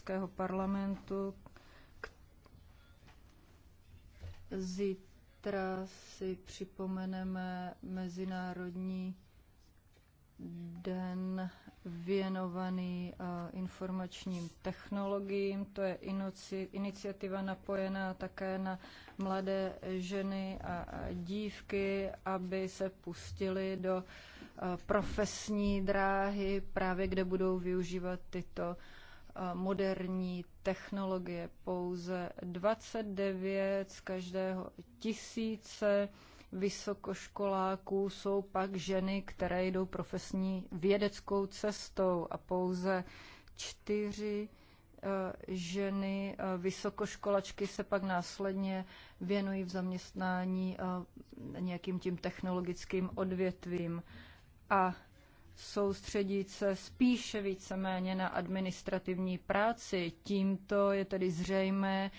Evropského parlamentu. Zítra si připomeneme Mezinárodní den věnovaný eh, informačním technologiím. To je iniciativa napojená také na mladé ženy a dívky, aby se pustili do eh, profesní dráhy, právě kde budou využívat tyto moderní technologie. Pouze 29 z každého tisíce vysokoškoláků jsou pak ženy, které jdou profesní vědeckou cestou a pouze čtyři e, ženy e, vysokoškolačky se pak následně věnují v zaměstnání e, nějakým tím technologickým odvětvím. A soustředit se spíše víceméně na administrativní práci. Tímto je tedy zřejmé,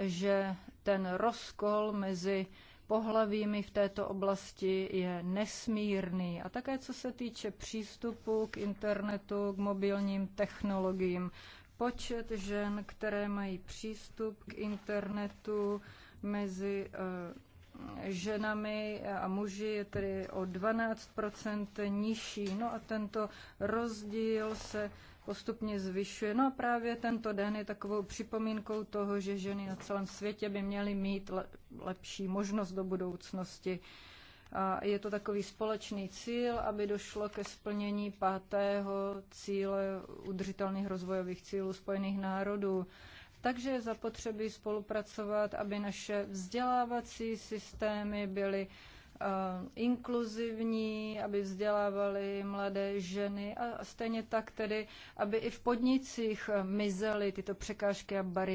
že ten rozkol mezi pohlavími v této oblasti je nesmírný. A také co se týče přístupu k internetu, k mobilním technologiím, počet žen, které mají přístup k internetu mezi eh, ženami a muži je tedy o 12 nižší. No a tento rozdíl se postupně zvyšuje. No a právě tento den je takovou připomínkou toho, že ženy na celém světě by měly mít lepší možnost do budoucnosti. A je to takový společný cíl, aby došlo ke splnění pátého cíle udržitelných rozvojových cílů Spojených národů. Takže je zapotřebí spolupracovat, aby naše vzdělávací systémy byly eh, inkluzivní, aby vzdělávali mladé ženy a stejně tak tedy, aby i v podnicích eh, mizely tyto překážky a bariéry.